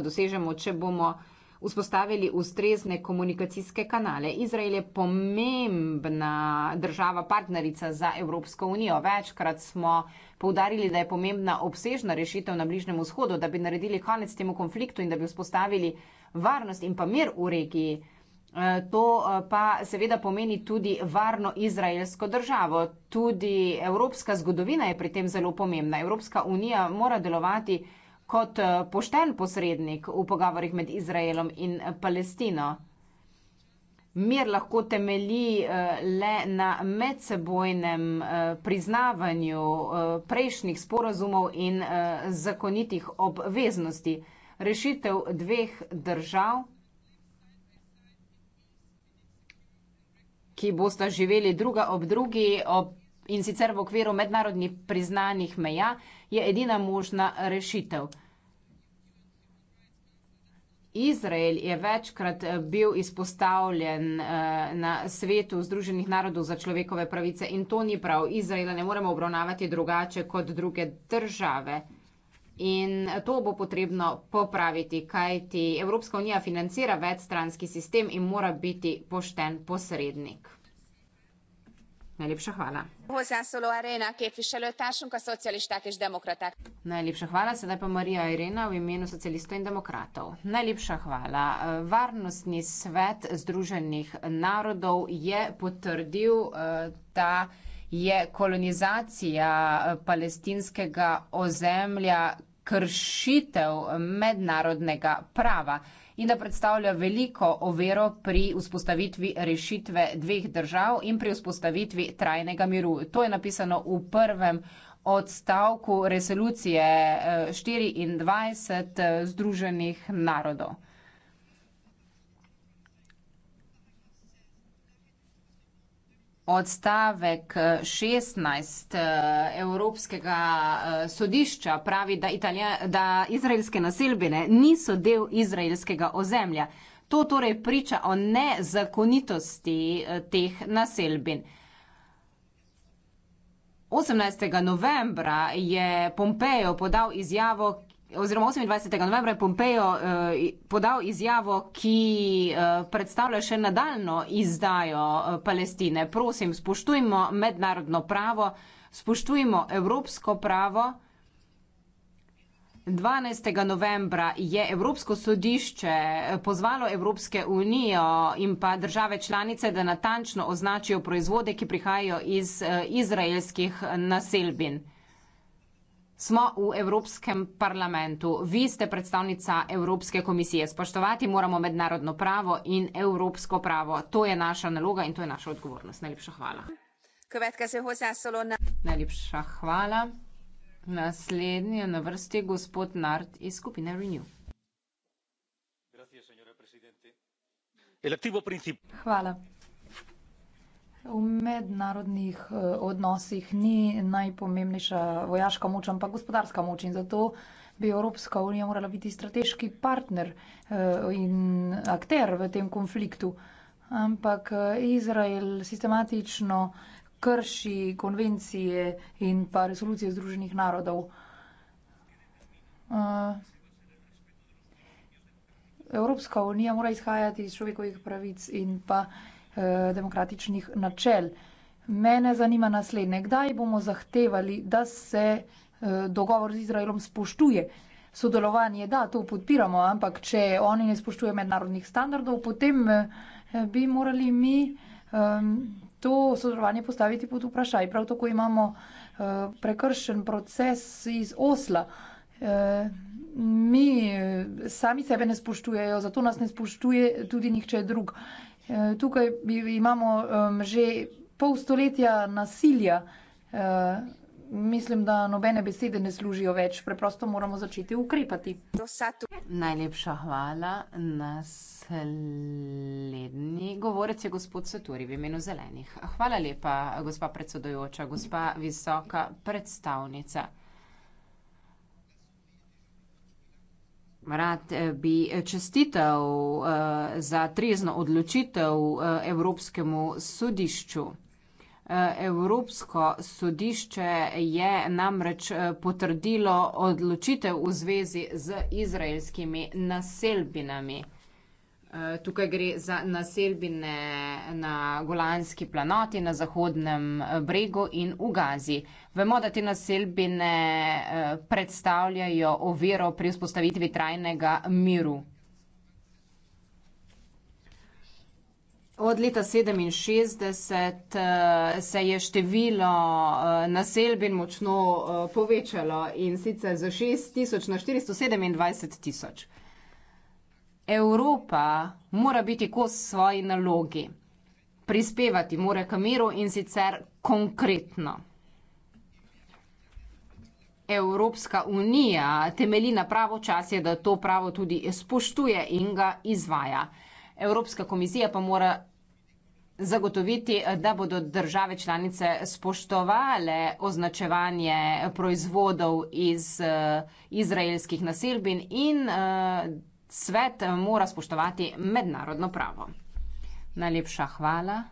dosežemo, če bomo vzpostavili ustrezne komunikacijske kanale. Izrael je pomembna država, partnerica za Evropsko unijo. Večkrat smo poudarili, da je pomembna obsežna rešitev na Bližnjem vzhodu, da bi naredili konec temu konfliktu in da bi vzpostavili varnost in pa mir v regiji. Eh, to eh, pa seveda pomeni tudi varno izraelsko državo. Tudi evropska zgodovina je pri tem zelo pomembna. Evropska unija mora delovati kot eh, pošten posrednik v pogovorih med Izraelom in Palestino. Mir lahko temelji eh, le na medsebojnem eh, priznavanju prejšnjih sporozumov in zakonitih obveznosti. Rešitev dveh držav, ki bosta živeli druga ob drugi ob, in sicer v okviru mednarodnih priznanih meja, je edina možna rešitev. Izrael je večkrat eh, bil izpostavljen eh, na svetu Združenih narodov za človekove pravice in to ni prav. Izraela ne moremo obravnavati drugače kot druge države. In to bo potrebno popraviti, kajti Evropska unija financira večstranski sistem in mora biti pošten posrednik. Najlepša hvala. Hozzászóló Arena képviselőtársunk, a szocialisták és demokraták. Najlepša hvala, sedaj pa Marija Irena v imenu socialistov in demokratov. Najlepša hvala. Varnostni svet Združenih narodov je potrdil, eh, da je kolonizacija eh, palestinskega ozemlja kršitev mednarodnega prava in da predstavlja veliko overo pri vzpostavitvi rešitve dveh držav in pri vzpostavitvi trajnega miru. To je napisano v prvem odstavku resolucije 24 eh, eh, Združenih narodov. Odstavek 16 eh, eh, Evropskega eh, sodišča pravi, da, Italija, da izraelske naselbine niso del izraelskega ozemlja. To torej priča o nezakonitosti teh naselbin. 18. novembra je Pompejo podal izjavo, oziroma 28. novembra je Pompejo eh, podal izjavo, ki eh, predstavlja še nadaljno izdajo eh, Palestine. Prosim, spoštujmo mednarodno pravo, spoštujmo evropsko pravo. 12. novembra je Evropsko sodišče pozvalo Evropske unijo in pa države članice, da natančno označijo proizvode, ki prihajajo iz izraelskih naselbin. Smo v Evropskem parlamentu. Vi ste predstavnica Evropske komisije. Spoštovati moramo mednarodno pravo in evropsko pravo. To je naša naloga in to je naša odgovornost. Najlepša hvala. Najlepša hvala. Naslednji je na vrsti gospod Nart iz skupine Renew. Hvala. V mednarodnih eh, odnosih ni najpomembnejša vojaška moč, ampak gospodarska moč in zato bi Evropska unija morala biti strateški partner eh, in akter v tem konfliktu. Ampak eh, Izrael sistematično krši konvencije in pa resolucije Združenih narodov. Evropska unija mora izhajati iz človekovih pravic in pa. Eh, demokratičnih načel. Mene zanima naslednje, kdaj bomo zahtevali, da se eh, dogovor z Izraelom spoštuje. Sodelovanje, da, to podpiramo, ampak če oni ne spoštuje mednarodnih standardov, potem eh, bi morali mi ehm, to sodelovanje postaviti pod vprašaj. Prav tako imamo prekršen proces iz Osla. Mi sami sebe ne spoštujejo, zato nas ne spoštuje tudi nihče drug. Eh, tukaj imamo že pol stoletja nasilja. Eh, mislim, da nobene besede ne služijo več, preprosto moramo začeti ukrepati. Najlepša hvala. Naslednji govorec je gospod Saturi v imenu zelenih. Hvala lepa, gospa predsedojoča, gospa visoka predstavnica. Rad eh, bi eh, čestitev eh, za trezno odločitev Evropskemu sodišču. Evropsko sodišče je namreč potrdilo odločitev v zvezi z izraelskimi naselbinami. Eh, tukaj gre za naselbine na Golanski planoti, na Zahodnem eh, bregu in v Gazi. Vemo, da te naselbine eh, predstavljajo oviro pri vzpostavitvi trajnega miru. Od leta 67 se je število naselbin močno povečalo in sicer za 6 tisoč na 427 tisoč. Evropa mora biti kos svoji nalogi. Prispevati mora k miru in sicer konkretno. Evropska unija temelji na pravo čas, je, da to pravo tudi spoštuje in ga izvaja. Evropska komisija pa mora zagotoviti, da bodo države članice spoštovale označevanje proizvodov iz eh, izraelskih naselbin in eh, svet mora spoštovati mednarodno pravo. Najlepša hvala.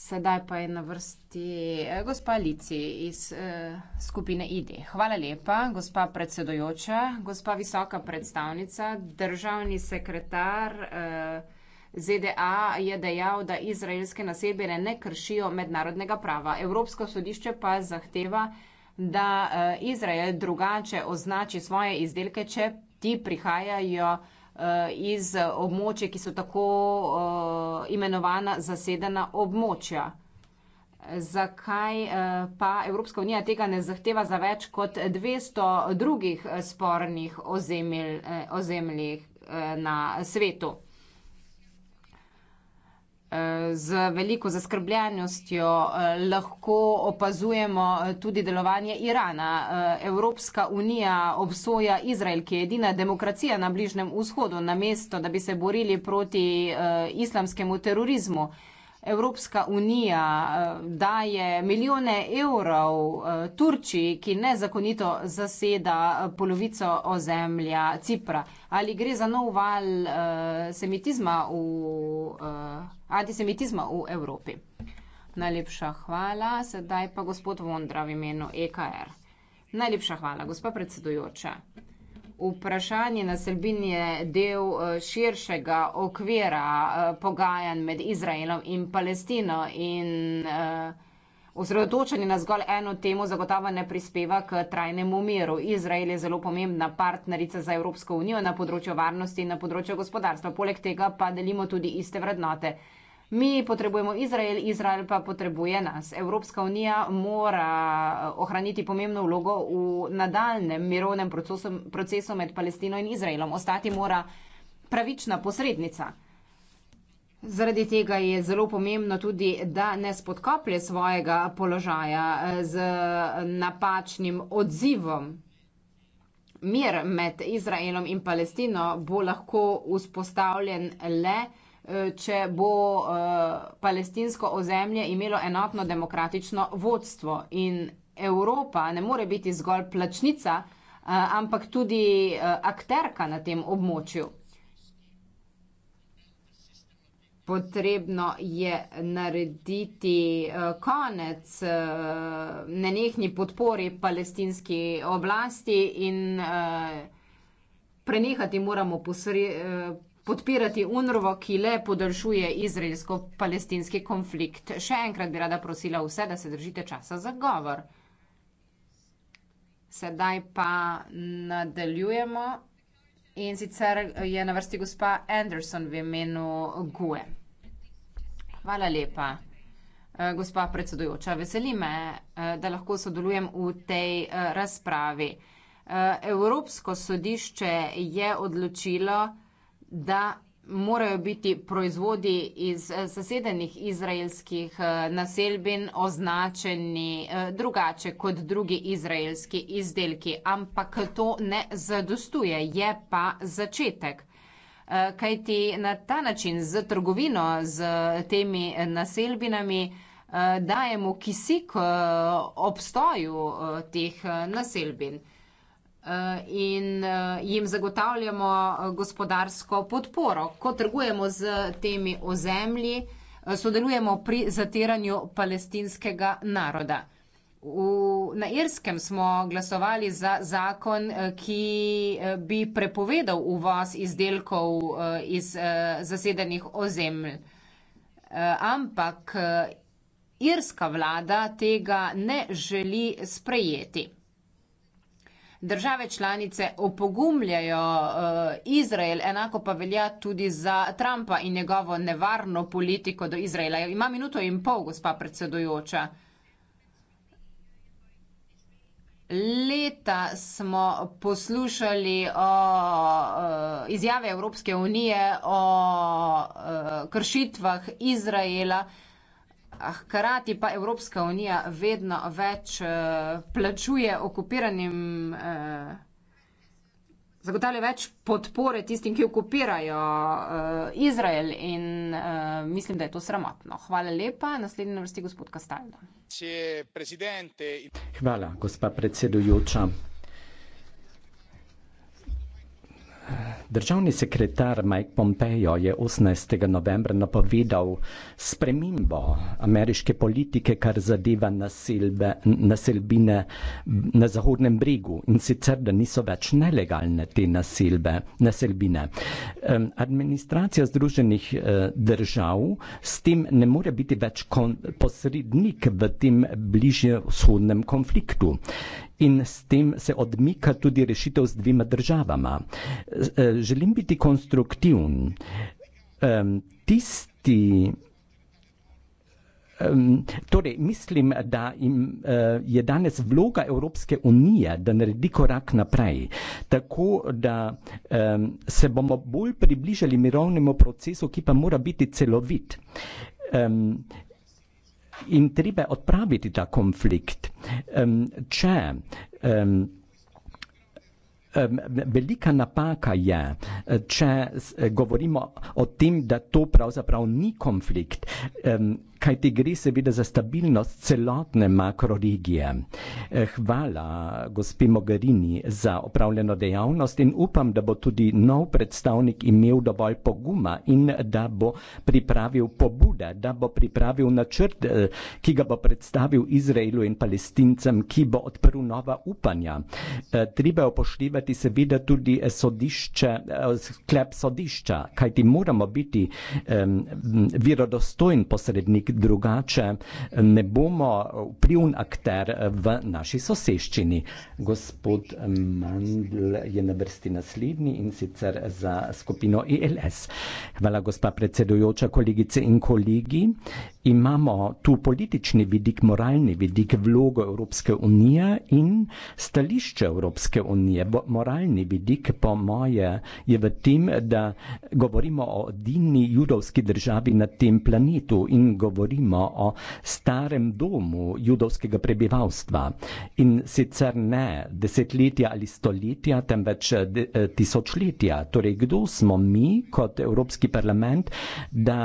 Sedaj pa je na vrsti eh, gospa Lici iz eh, skupine ID. Hvala lepa, gospa predsedojoča, gospa visoka predstavnica, državni sekretar eh, ZDA je dejal, da izraelske nasebene ne kršijo mednarodnega prava. Evropsko sodišče pa zahteva, da eh, Izrael drugače označi svoje izdelke, če ti prihajajo eh, iz območja, ki so tako eh, imenovana zasedena območja. Zakaj pa Evropska unija tega ne zahteva za več kot 200 drugih spornih ozemelj, ozemljih na svetu? z veliko zaskrbljenostjo eh, lahko opazujemo eh, tudi delovanje Irana. Eh, Evropska unija obsoja Izrael, ki je edina demokracija na Bližnem vzhodu, namesto da bi se borili proti islamskemu terorizmu. Evropska unija eh, daje milijone evrov eh, Turčiji, ki nezakonito zaseda eh, polovico ozemlja Cipra. Ali gre za nov val semitizma v, antisemitizma v Evropi? Najlepša hvala. Sedaj pa gospod Vondra v imenu EKR. Najlepša hvala, gospa predsedujoča vprašanje na Srbin je del eh, širšega okvira eh, pogajanj med Izraelom in Palestino in eh, Osredotočenje na zgolj eno temo zagotovo ne prispeva k trajnemu miru. Izrael je zelo pomembna partnerica za Evropsko unijo na področju varnosti in na področju gospodarstva. Poleg tega pa delimo tudi iste vrednote mi potrebujemo Izrael, Izrael pa potrebuje nas. Evropska unija mora eh, ohraniti pomembno vlogo v nadaljem mirovnem procesu, procesu med Palestino in Izraelom. Ostati mora pravična posrednica. Zaradi tega je zelo pomembno tudi, da ne spodkoplje svojega položaja eh, z napačnim odzivom. Mir med Izraelom in Palestino bo lahko vzpostavljen le, Eh, če bo eh, palestinsko ozemlje imelo enotno demokratično vodstvo. In Evropa ne more biti zgolj plačnica, eh, ampak tudi akterka na tem območju. Potrebno je narediti konec nenehni podpori palestinski oblasti in prenehati moramo posredovati podpirati UNRWA, ki le podaljšuje izraelsko-palestinski konflikt. Še enkrat bi rada prosila vse, da se držite časa za govor. Sedaj pa nadaljujemo in sicer je na vrsti gospa Anderson v imenu GUE. Hvala lepa, eh, gospa predsedujoča. Veseli me, eh, da lahko sodelujem v tej eh, razpravi. Evropsko sodišče je odločilo, da morajo biti proizvodi iz eh, zasedenih izraelskih eh, naselbin označeni eh, drugače kot drugi izraelski izdelki. Ampak to ne zadostuje, je pa začetek. Kajti na ta način z trgovino, z temi naselbinami, dajemo kisik obstoju teh naselbin. Eh, in eh, jim zagotavljamo eh, gospodarsko podporo. Ko trgujemo z temi ozemlji, sodelujemo pri zatiranju palestinskega naroda. V, na Irskem smo glasovali za zakon, ki bi prepovedal uvoz izdelkov iz zasedenih ozemlj. Ampak irska vlada tega ne želi sprejeti države članice opogumljajo eh, Izrael, enako pa velja tudi za Trumpa in njegovo nevarno politiko do Izraela. Ima minuto in pol, gospa predsedujoča. Leta smo poslušali o eh, izjave Evropske unije o eh, kršitvah Izraela, hkrati pa Evropska unija vedno več uh, plačuje okupiranim, uh, zagotavlja več podpore tistim, ki okupirajo uh, Izrael in uh, mislim, da je to sramotno. Hvala lepa. Naslednji na vrsti gospod Kastaldo. Hvala, gospa predsedujoča. Državni sekretar Mike Pompeo je 18. novembra napovedal spremembo ameriške politike, kar zadeva naselbine na Zahodnem bregu in sicer, da niso več nelegalne te naselbe, naselbine. Administracija Združenih eh, držav s tem ne more biti več posrednik v tem bližnjem vzhodnem konfliktu in s tem se odmika tudi rešitev z dvima državama. Eh, želim biti konstruktivn. Tisti, torej mislim, da im, eh, je danes vloga Evropske unije, da naredi korak naprej, tako da se bomo bolj približali mirovnemu procesu, ki pa mora biti celovit in treba odpraviti ta konflikt. Um, če um, Velika napaka je, če govorimo o tem, da to pravzaprav ni konflikt kaj ti gre seveda za stabilnost celotne makroregije. Eh, hvala gospi Mogherini za opravljeno dejavnost in upam, da bo tudi nov predstavnik imel dovolj poguma in da bo pripravil pobude, da bo pripravil načrt, eh, ki ga bo predstavil Izraelu in palestincem, ki bo odprl nova upanja. Eh, treba upoštevati seveda tudi sodišče, sklep sodišča, kaj ti moramo biti um, virodostojen posrednik drugače ne bomo vpliven akter v naši soseščini. Gospod Mandl je na vrsti naslednji in sicer za skupino ILS. E Hvala, gospa predsedujoča, kolegice in kolegi. Imamo tu politični vidik, moralni vidik, vlogo Evropske unije in stališče Evropske unije. Moralni vidik, po moje, je v tem, da govorimo o edini judovski državi na tem planetu in govorimo govorimo o starem domu judovskega prebivalstva in sicer ne desetletja ali stoletja, temveč eh, tisočletja. Torej, kdo smo mi kot Evropski parlament, da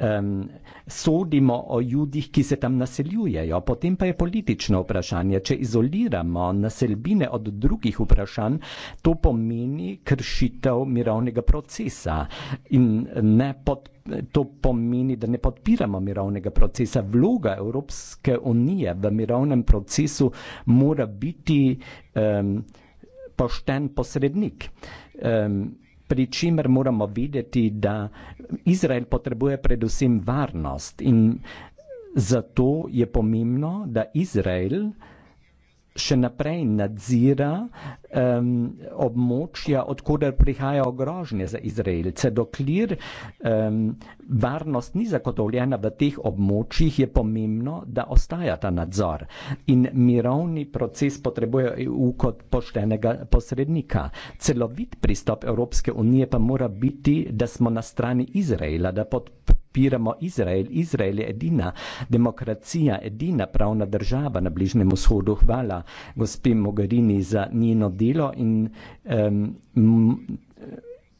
um, sodimo o ljudih, ki se tam naseljujejo. Potem pa je politično vprašanje, če izoliramo naselbine od drugih vprašanj, to pomeni kršitev mirovnega procesa in ne podpiranje. To pomeni, da ne podpiramo mirovnega procesa. Vloga Evropske unije v mirovnem procesu mora biti um, pošten posrednik. Um, pri čemer moramo videti, da Izrael potrebuje predvsem varnost in zato je pomembno, da Izrael še naprej nadzira um, območja, odkuder prihajajo grožnje za Izraelce. Dokler um, varnost ni zagotovljena v teh območjih, je pomembno, da ostaja ta nadzor. In mirovni proces potrebuje EU kot poštenega posrednika. Celovit pristop Evropske unije pa mora biti, da smo na strani Izraela, da podpiramo podpiramo Izrael. Izrael je edina demokracija, edina pravna država na Bližnem vzhodu. Hvala gospe Mogherini za njeno delo in, um,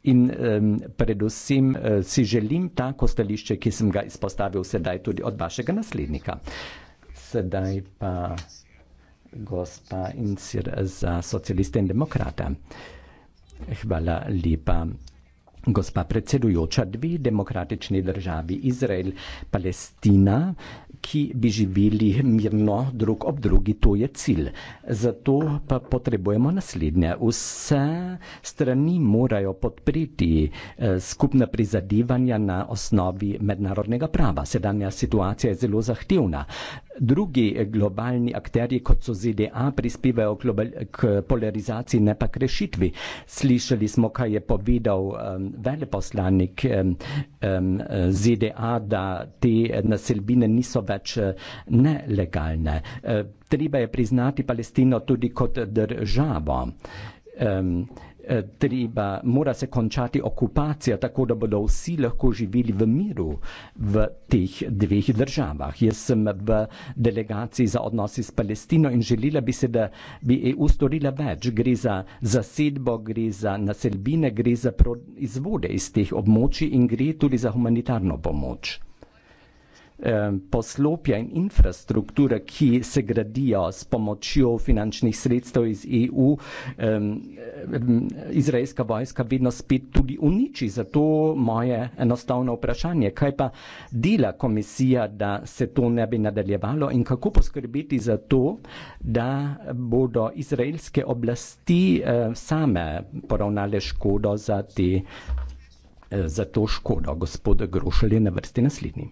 in um, predvsem uh, si želim tako stališče, ki sem ga izpostavil sedaj tudi od vašega naslednika. Sedaj pa gospa Incir za socialiste in demokrata. Hvala lepa. Gospa predsedujoča, dve demokratični državi, Izrael, Palestina, ki bi živeli mirno drug ob drugi, to je cilj. Zato pa potrebujemo naslednje. Vse strani morajo podpreti eh, skupna prizadevanja na osnovi mednarodnega prava. Sedanja situacija je zelo zahtevna drugi eh, globalni akterji, kot so ZDA, prispevajo k polarizaciji, ne pa k rešitvi. Slišali smo, kaj je povedal um, veleposlanik um, um, ZDA, da te eh, naselbine niso več eh, nelegalne. Treba je priznati Palestino tudi kot državo. Um, Eh, treba, mora se končati okupacija, tako da bodo vsi lahko živeli v miru v teh dveh državah. Jaz sem v delegaciji za odnosi s Palestino in želela bi se, da bi EU storila več. Gre za zasedbo, gre za naselbine, gre za izvode iz teh območij in gre tudi za humanitarno pomoč poslopja in infrastrukture, ki se gradijo s pomočjo finančnih sredstev iz EU, izraelska vojska vedno spet tudi uniči. Zato moje enostavno vprašanje, kaj pa dela komisija, da se to ne bi nadaljevalo in kako poskrbeti za to, da bodo izraelske oblasti same poravnale škodo za, te, za to škodo. Gospod Grošelj je na vrsti naslednji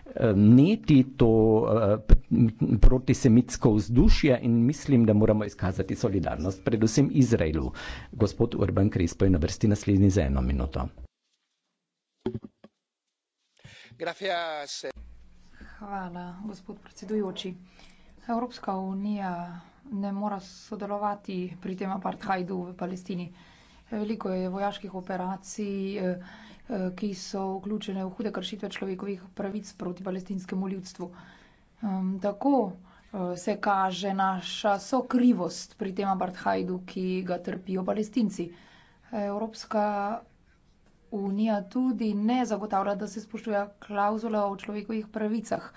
mneti to eh, protisemitsko vzdušje in mislim, da moramo izkazati solidarnost predvsem Izraelu. Gospod Urban Krispo je na vrsti naslednji za eno minuto. Hvala, gospod predsedujoči. Evropska unija ne mora sodelovati pri tem apartheidu v Palestini. Veliko je vojaških operacij, eh, eh, ki so vključene v hude kršitve človekovih pravic proti palestinskemu ljudstvu. Tako eh, se kaže naša sokrivost pri tem apartheidu, ki ga trpijo palestinci. Evropska unija tudi ne zagotavlja, da se spoštuje klauzula o človekovih pravicah.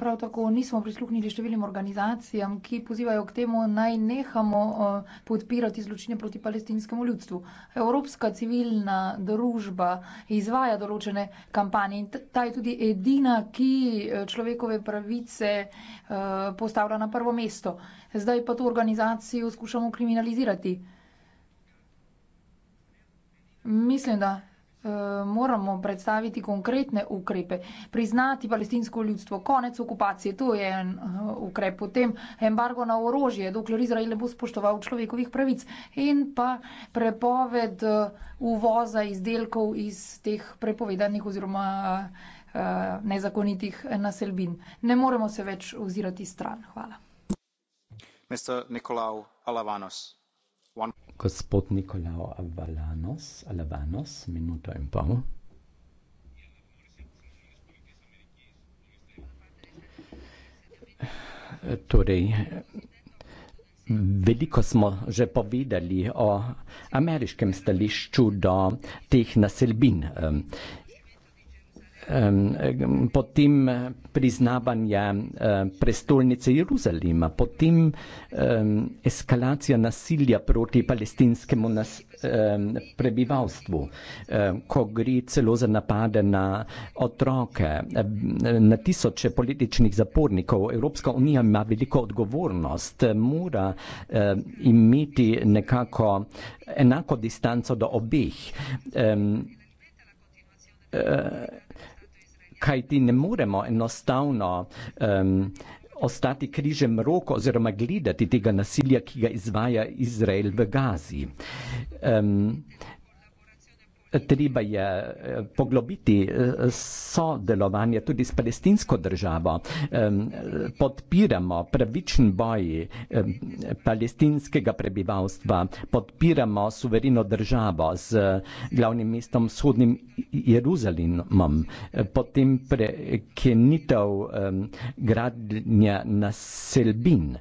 Prav tako nismo prisluhnili številnim organizacijam, ki pozivajo k temu, naj nehamo eh, podpirati zločine proti palestinskemu ljudstvu. Evropska civilna družba izvaja določene kampanje in ta je tudi edina, ki eh, človekove pravice eh, postavlja na prvo mesto. Zdaj pa to organizacijo skušamo kriminalizirati. Mislim, da Eh, moramo predstaviti konkretne ukrepe, priznati palestinsko ljudstvo, konec okupacije, to je en eh, ukrep, potem embargo na orožje, dokler Izrael ne bo spoštoval človekovih pravic in pa prepoved eh, uvoza izdelkov iz teh prepovedanih oziroma nezakonitih naselbin. Ne moremo se več ozirati stran. Hvala. Mr. Nikolaou Alavanos. Gospod Nikolao Avalanos, Alavanos, minuto in pol. Torej, veliko smo že povedali o ameriškem stališču do teh naselbin potem eh, priznavanja eh, prestolnice Jeruzalema, potem eskalacija nasilja proti palestinskemu prebivalstvu, ko gre celo za napade na otroke, na tisoče političnih zapornikov. Evropska unija ima veliko odgovornost, mora imeti nekako enako distanco do obeh. Eh, kaj ti ne moremo enostavno um, ostati križem roko oziroma gledati tega nasilja, ki ga izvaja Izrael v Gazi. Um, treba je eh, poglobiti eh, sodelovanje tudi s palestinsko državo. Podpiramo pravičen boj palestinskega prebivalstva, podpiramo suvereno državo z eh, glavnim mestom vzhodnim Jeruzalemom, potem prekenitev gradnja naselbin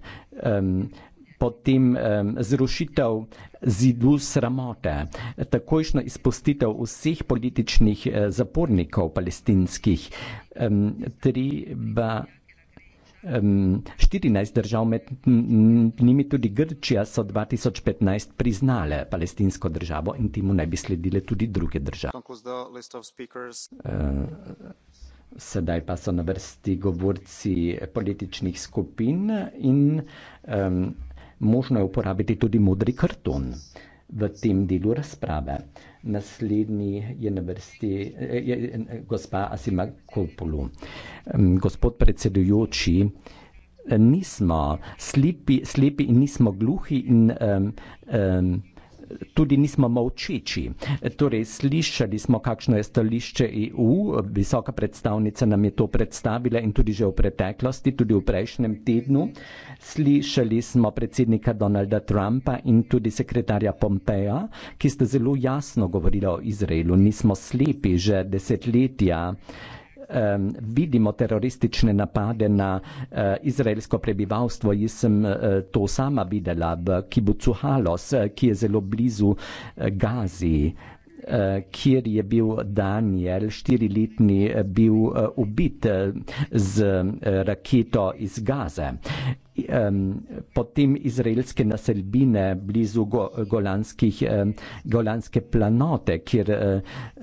potem eh, zrušitev zidu sramote, takojšno izpustitev vseh političnih eh, zapornikov palestinskih, eh, treba 14 držav, med njimi tudi Grčija, so 2015 priznale palestinsko državo in temu naj bi sledile tudi druge države. Sedaj pa so na vrsti govorci političnih skupin in um, možno je uporabiti tudi modri karton v tem delu razprave. Naslednji je na vrsti je, je, je, gospa Asima Kolpulu. Mm, gospod predsedujoči, nismo slipi, slipi in nismo gluhi in um, um, tudi nismo molčiči. Torej, slišali smo, kakšno je stališče EU, visoka predstavnica nam je to predstavila in tudi že v preteklosti, tudi v prejšnjem tednu. Slišali smo predsednika Donalda Trumpa in tudi sekretarja Pompeja, ki sta zelo jasno govorila o Izraelu. Nismo slepi že desetletja um, vidimo teroristične napade na uh, izraelsko prebivalstvo. Jaz sem uh, to sama videla v Kibucu Halos, eh, ki je zelo blizu uh, Gazi. Uh, kjer je bil Daniel, štiriletni, bil ubit z raketo iz Gaze. Potem izraelske naselbine blizu Golanske planote, kjer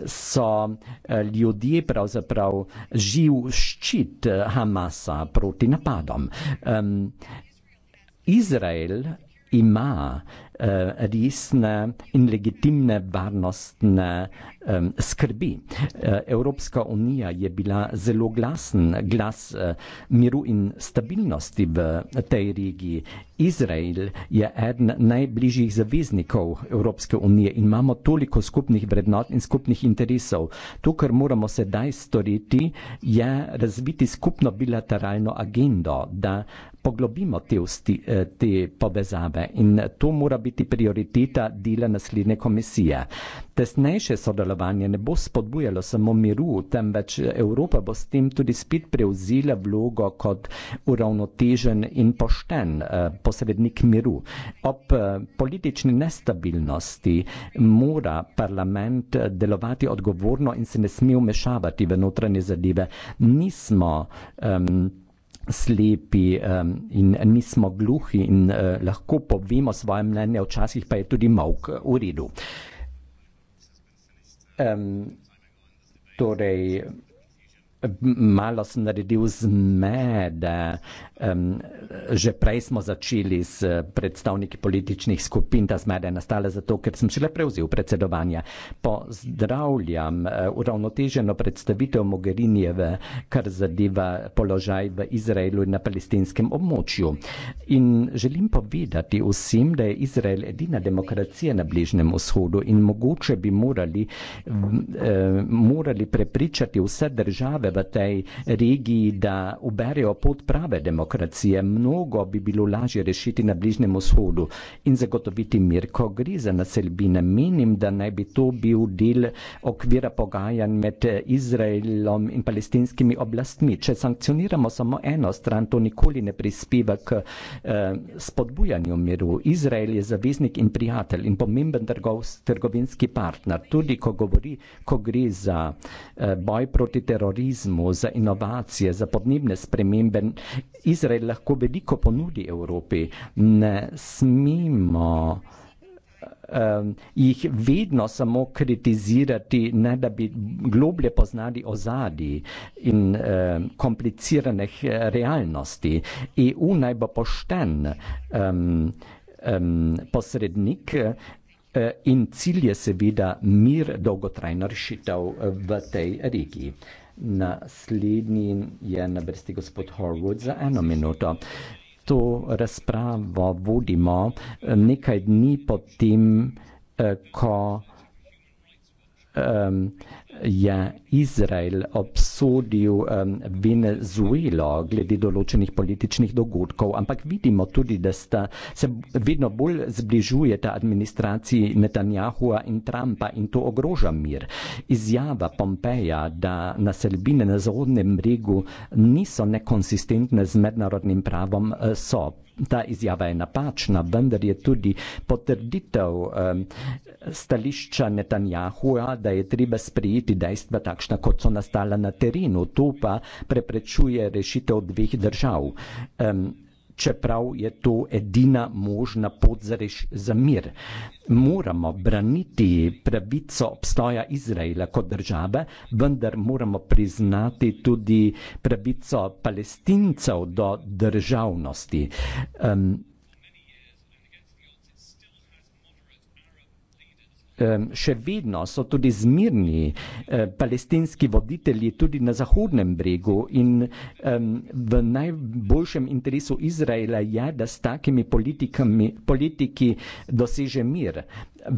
so ljudje pravzaprav živ ščit Hamasa proti napadom. Izrael ima eh, resne in legitimne varnostne skrbi. Eh, Evropska unija je bila zelo glasen glas eh, miru in stabilnosti v tej regiji. Izrael je eden najbližjih zaveznikov Evropske unije in imamo toliko skupnih vrednot in skupnih interesov. To, kar moramo sedaj storiti, je razviti skupno bilateralno agendo, da poglobimo te, usti, eh, te povezave in to mora biti prioriteta dela naslednje komisije. Tesnejše sodelovanje ne bo spodbujalo samo miru, temveč Evropa bo s tem tudi spet prevzela vlogo kot uravnotežen in pošten eh, posrednik miru. Ob eh, politični nestabilnosti mora parlament delovati odgovorno in se ne sme vmešavati v notranje zadeve. Nismo um, slepi um, in nismo gluhi in uh, lahko povemo svoje mnenje, včasih pa je tudi mavk eh, v redu. Um, torej, Malo sem naredil zmed, že prej smo začeli s predstavniki političnih skupin, ta zmed je nastala zato, ker sem šele prevzel predsedovanje. Pozdravljam eh, uravnoteženo predstavitev Mogherinijeve, kar zadeva položaj v Izraelu in na palestinskem območju. In želim povedati vsem, da je Izrael edina demokracija na Bližnem vzhodu in mogoče bi morali, eh, morali prepričati vse države, v tej regiji, da uberejo pot prave demokracije. Mnogo bi bilo lažje rešiti na Bližnjem vzhodu in zagotoviti mir, ko gre za naselbine. Menim, da naj bi to bil del okvira pogajanj med Izraelom in palestinskimi oblastmi. Če sankcioniramo samo eno stran, to nikoli ne prispeva k eh, spodbujanju miru. Izrael je zaveznik in prijatelj in pomemben trgov, trgovinski partner. Tudi, ko, govori, ko gre za eh, boj proti terorizmu, turizmu, za inovacije, za podnebne spremembe. Izrael lahko veliko ponudi Evropi. Ne smemo jih vedno samo kritizirati, ne da bi globlje poznali ozadji in eh, kompliciranih realnosti. EU naj bo pošten um, um, posrednik eh, in cilj je seveda mir, dolgotrajna rešitev v tej regiji. Naslednji je na vrsti gospod Horwood za eno minuto. To razpravo vodimo eh, nekaj dni potem, eh, ko um, ehm, je ja, Izrael obsodil um, Venezuelo glede določenih političnih dogodkov, ampak vidimo tudi, da sta, se vedno bolj zbližujeta administraciji Netanjahuja in Trumpa in to ogroža mir. Izjava Pompeja, da naselbine na zahodnem bregu niso nekonsistentne z mednarodnim pravom, eh, so ta izjava je napačna, vendar je tudi potrditev um, stališča Netanjahuja, da je treba sprijeti dejstva takšna, kot so nastala na terenu. To pa preprečuje rešitev dveh držav. Um, čeprav je to edina možna pot za reš za mir. Moramo braniti pravico obstoja Izraela kot države, vendar moramo priznati tudi pravico palestincev do državnosti. Um, še vedno so tudi zmirni eh, palestinski voditelji tudi na Zahodnem bregu in v najboljšem interesu Izraela je, da s takimi politikami, politiki doseže mir.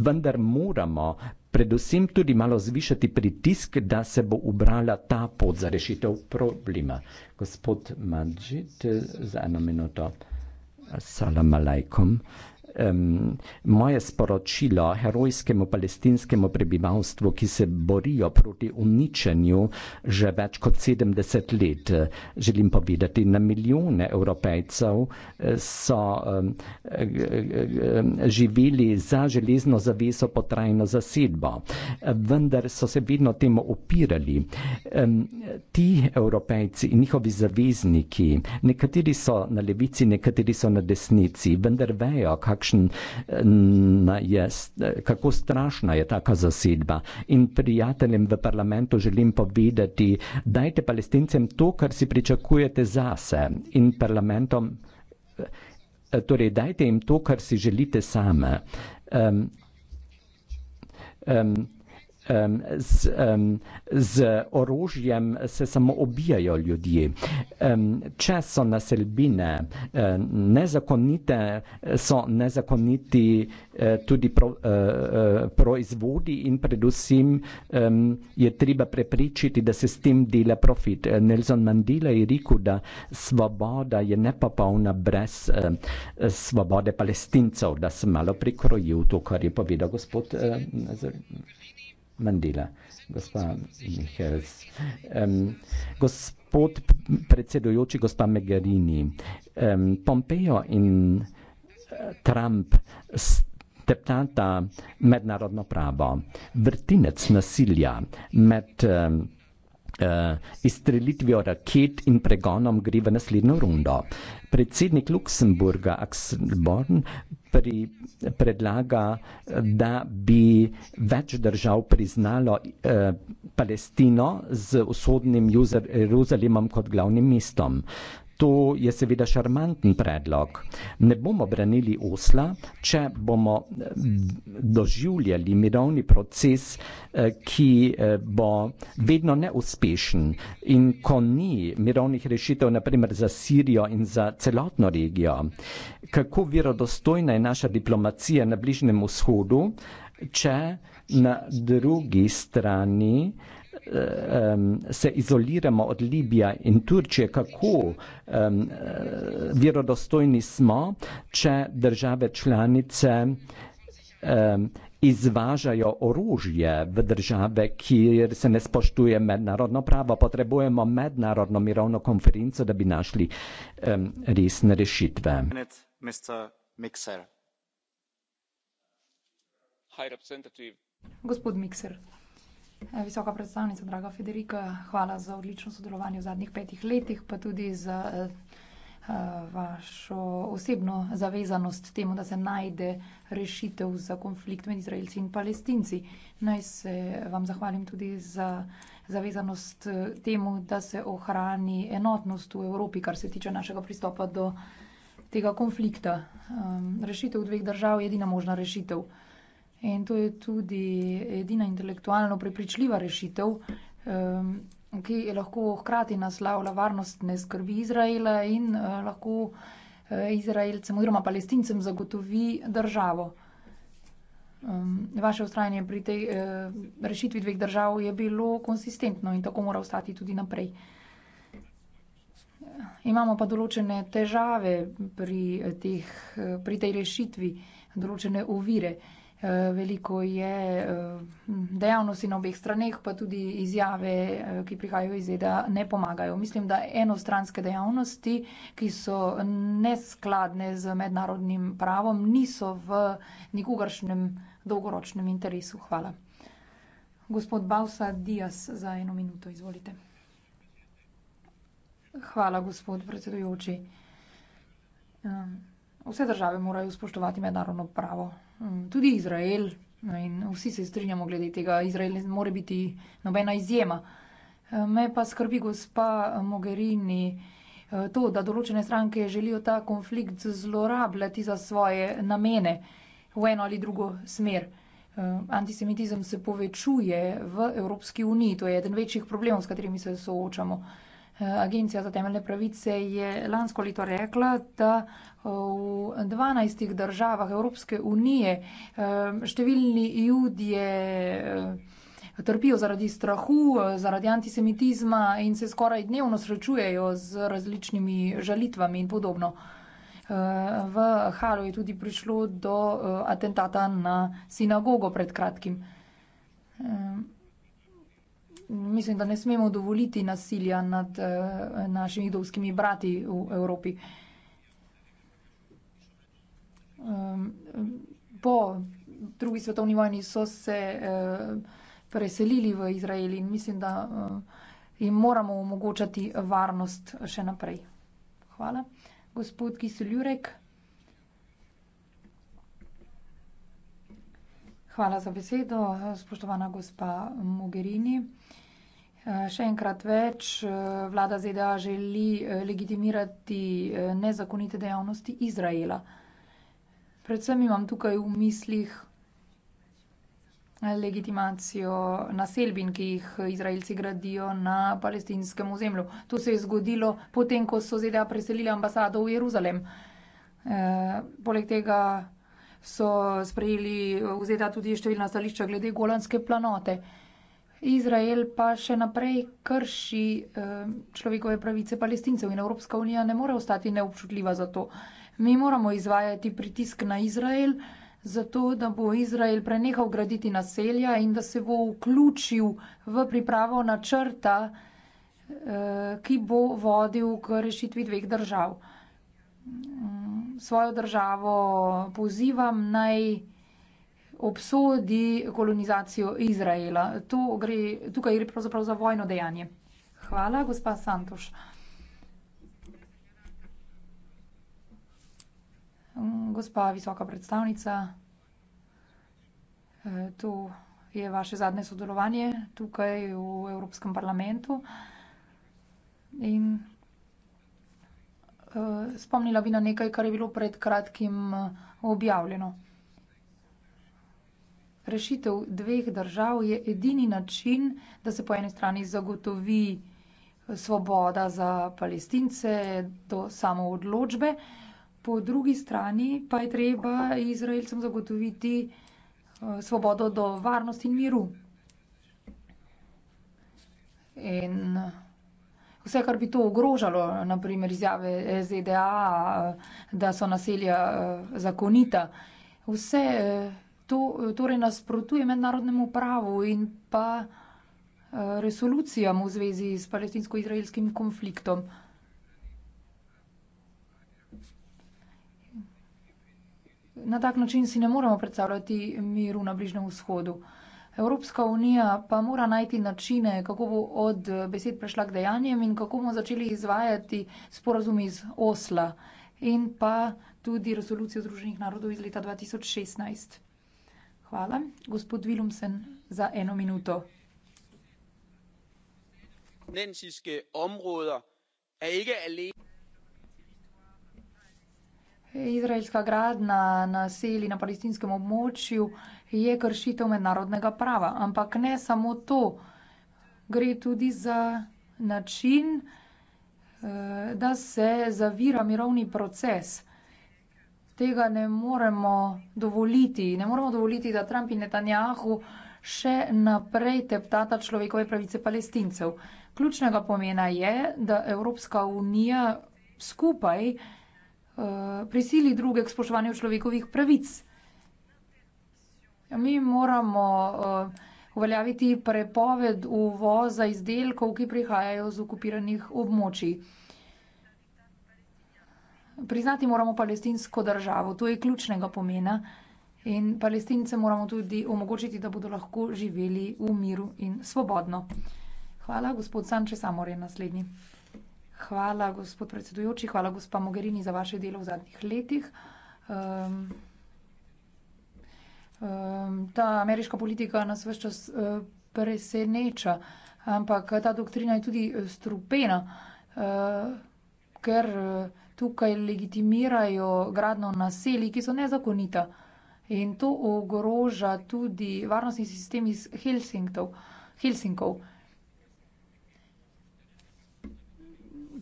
Vendar moramo predvsem tudi malo zvišati pritisk, da se bo ubrala ta pot za rešitev problema. Gospod Madžit, za eno minuto. Assalamu alaikum um, moje sporočilo herojskemu palestinskemu prebivalstvu, ki se borijo proti uničenju že več kot 70 let. Želim povedati, na milijone evropejcev eh, so um, živeli za železno zaveso potrajno zasedbo, vendar so se vedno temu upirali. Um, ti evropejci in njihovi zavezniki, nekateri so na levici, nekateri so na desnici, vendar vejo, kakšno kakšen, eh, na, yes, eh, kako strašna je taka zasedba. In prijateljem v parlamentu želim povedati, dajte palestincem to, kar si pričakujete zase. In parlamentom, eh, torej dajte jim to, kar si želite same. Um, um, z, z orožjem se samo obijajo ljudje. Če so naselbine e, nezakonite, so nezakoniti e, tudi pro, e, proizvodi in predvsem je treba prepričiti, da se s tem dela profit. Nelson Mandela je rekel, da svoboda je nepopolna brez svobode palestincev, da sem malo prikrojil to, kar je povedal gospod Nazarin. Mandela. Gospa Michels. Um, gospod predsedujoči, gospa Megarini, um, Pompeo in uh, Trump steptata mednarodno pravo, vrtinec nasilja med um, uh, izstrelitvijo raket in pregonom gre v naslednjo rundo. Predsednik Luksemburga Axel Born pri, predlaga, da bi več držav priznalo uh, Palestino z usodnim Jeruzalemom kot glavnim mestom. Uh, To je seveda šarmanten predlog. Ne bomo branili osla, če bomo eh, doživljali mirovni proces, eh, ki eh, bo vedno neuspešen in ko ni mirovnih rešitev, naprimer za Sirijo in za celotno regijo. Kako verodostojna je naša diplomacija na Bližnem vzhodu, če na drugi strani um, se izoliramo od Libije in Turčije, kako um, verodostojni smo, če države članice um, izvažajo orožje v države, kjer se ne spoštuje mednarodno pravo. Potrebujemo mednarodno mirovno konferenco, da bi našli um, resne rešitve. Gospod Mikser. Visoka predstavnica, draga Federika, hvala za odlično sodelovanje v zadnjih petih letih, pa tudi za eh, vašo osebno zavezanost temu, da se najde rešitev za konflikt med Izraelci in Palestinci. Naj se vam zahvalim tudi za zavezanost eh, temu, da se ohrani enotnost v Evropi, kar se tiče našega pristopa do tega konflikta. Eh, rešitev dveh držav je edina možna rešitev. In to je tudi edina intelektualno prepričljiva rešitev, ehm, ki je lahko hkrati naslavlja varnostne skrbi Izraela in eh, lahko eh, Izraelcem oziroma palestincem zagotovi državo. Ehm, vaše ustrajanje pri tej eh, rešitvi dveh držav je bilo konsistentno in tako mora ostati tudi naprej. Imamo pa določene težave pri, teh, pri tej rešitvi, določene ovire. Eh, veliko je eh, dejavnosti na obeh straneh, pa tudi izjave, eh, ki prihajajo iz ZDA, ne pomagajo. Mislim, da enostranske dejavnosti, ki so neskladne z mednarodnim pravom, niso v nikogaršnem dolgoročnem interesu. Hvala. Gospod Bausa Dias, za eno minuto izvolite. Hvala, gospod predsedujoči. Vse države morajo spoštovati mednarodno pravo. Mm, tudi Izrael. No, in vsi se strinjamo glede tega, Izrael ne more biti nobena izjema. Eh, me pa skrbi gospa Mogherini eh, to, da določene stranke želijo ta konflikt zlorabljati za svoje namene v eno ali drugo smer. Eh, antisemitizem se povečuje v Evropski uniji, to je eden večjih problemov, s katerimi se soočamo. Agencija za temeljne pravice je lansko leto rekla, da v 12 državah Evropske unije številni judje eh, trpijo zaradi strahu, zaradi antisemitizma in se skoraj dnevno srečujejo z različnimi žalitvami in podobno. Eh, v Halu je tudi prišlo do eh, atentata na sinagogo pred kratkim mislim, da ne smemo dovoliti nasilja nad uh, našimi dovskimi brati v Evropi. Um, po drugi svetovni vojni so se uh, preselili v Izrael in mislim, da uh, jim moramo omogočati varnost še naprej. Hvala. Gospod Kiseljurek. Hvala za besedo, spoštovana gospa Mogherini. Še enkrat več, vlada ZDA želi legitimirati nezakonite dejavnosti Izraela. Predvsem imam tukaj v mislih legitimacijo naselbin, ki jih Izraelci gradijo na palestinskem ozemlju. To se je zgodilo potem, ko so ZDA preselili ambasado v Jeruzalem. Eh, poleg tega so sprejeli vzeta tudi številna stališča glede golanske planote. Izrael pa še naprej krši eh, človekove pravice palestincev in Evropska unija ne more ostati neobčutljiva za to. Mi moramo izvajati pritisk na Izrael, zato da bo Izrael prenehal graditi naselja in da se bo vključil v pripravo načrta, eh, ki bo vodil k rešitvi dveh držav svojo državo pozivam naj obsodi kolonizacijo Izraela. To gre, tukaj gre pravzaprav za vojno dejanje. Hvala, gospa Santoš. Gospa visoka predstavnica, to je vaše zadnje sodelovanje tukaj v Evropskem parlamentu. In Eh, spomnila bi na nekaj, kar je bilo pred kratkim eh, objavljeno. Rešitev dveh držav je edini način, da se po eni strani zagotovi eh, svoboda za palestince do samoodločbe, po drugi strani pa je treba Izraelcem zagotoviti svobodo do varnosti in miru. In vse, kar bi to ogrožalo, naprimer izjave ZDA, da so naselja eh, zakonita. Vse eh, to torej nasprotuje mednarodnemu pravu in pa eh, resolucijam v zvezi s palestinsko-izraelskim konfliktom. Na tak način si ne moremo predstavljati miru na Bližnem vzhodu. Evropska unija pa mora najti načine, kako bo od besed prešla k dejanjem in kako bomo začeli izvajati sporazum iz Osla in pa tudi resolucijo Združenih narodov iz leta 2016. Hvala, gospod Vilumsen, za eno minuto. Er Izraelska gradna naseli na palestinskem območju je kršitev mednarodnega prava. Ampak ne samo to, gre tudi za način, eh, da se zavira mirovni proces. Tega ne moremo dovoliti. Ne moremo dovoliti, da Trump in Netanjahu še naprej teptata človekove pravice palestincev. Ključnega pomena je, da Evropska unija skupaj eh, prisili druge k spoštovanju človekovih pravic. Mi moramo uh, uveljaviti prepoved uvoza izdelkov, ki prihajajo z okupiranih območij. Priznati moramo palestinsko državo, to je ključnega pomena in palestince moramo tudi omogočiti, da bodo lahko živeli v miru in svobodno. Hvala, gospod Sanče Samor je naslednji. Hvala, gospod predsedujoči, hvala, gospa Mogherini, za vaše delo v zadnjih letih. Um, um, ta ameriška politika nas vse čas uh, preseneča, ampak eh, ta doktrina je tudi eh, strupena, uh, ker tukaj legitimirajo gradno naselji, ki so nezakonita. In to ogroža tudi varnostni sistem iz Helsinkov.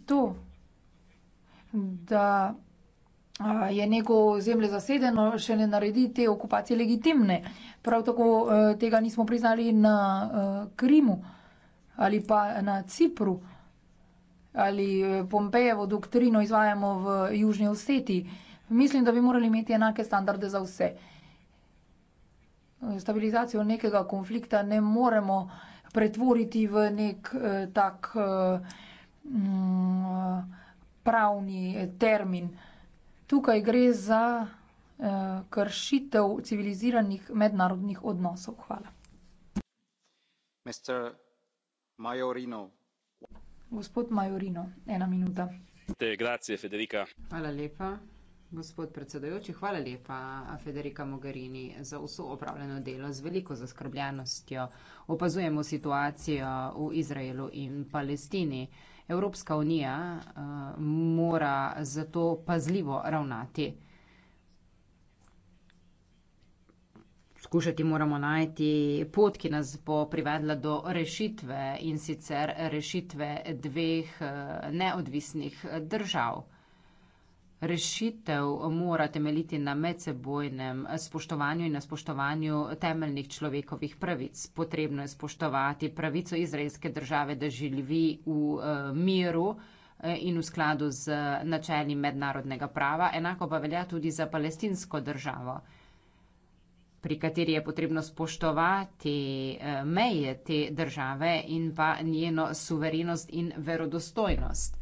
To, da je neko zemlje zasedeno, še ne naredi te okupacije legitimne. Prav tako e, tega nismo priznali na e, Krimu ali pa na Cipru ali e, Pompejevo doktrino izvajamo v Južni Oseti. Mislim, da bi morali imeti enake standarde za vse. Stabilizacijo nekega konflikta ne moremo pretvoriti v nek tak pravni termin. Tukaj gre za eh, kršitev civiliziranih mednarodnih odnosov. Hvala. Gospod Majorino, ena minuta. Hvala lepa, gospod predsedujoči. Hvala lepa, Federica Mogherini, za vso opravljeno delo. Z veliko zaskrbljenostjo opazujemo situacijo v Izraelu in Palestini. Evropska unija uh, mora zato pazljivo ravnati. Skušati moramo najti pot, ki nas bo privedla do rešitve in sicer rešitve dveh eh, neodvisnih držav rešitev mora temeljiti na medsebojnem spoštovanju in na spoštovanju temeljnih človekovih pravic. Potrebno je spoštovati pravico izraelske države, da živi v eh, miru eh, in v skladu z eh, načeli mednarodnega prava. Enako pa velja tudi za palestinsko državo, pri kateri je potrebno spoštovati meje te države in pa njeno suverenost in verodostojnost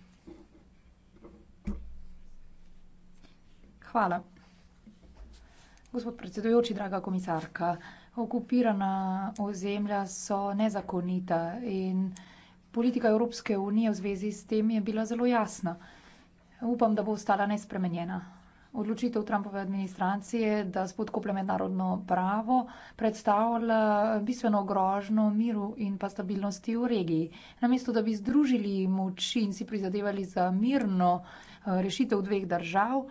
Hvala. Gospod predsedujoči, draga komisarka, okupirana ozemlja so nezakonita in politika Evropske unije v zvezi s tem je bila zelo jasna. Upam, da bo ostala nespremenjena. Odločitev Trumpove administracije, da spodkople mednarodno pravo, predstavlja bistveno grožno miru in pa stabilnosti v regiji. Namesto, da bi združili moči in si prizadevali za mirno eh, rešitev dveh držav,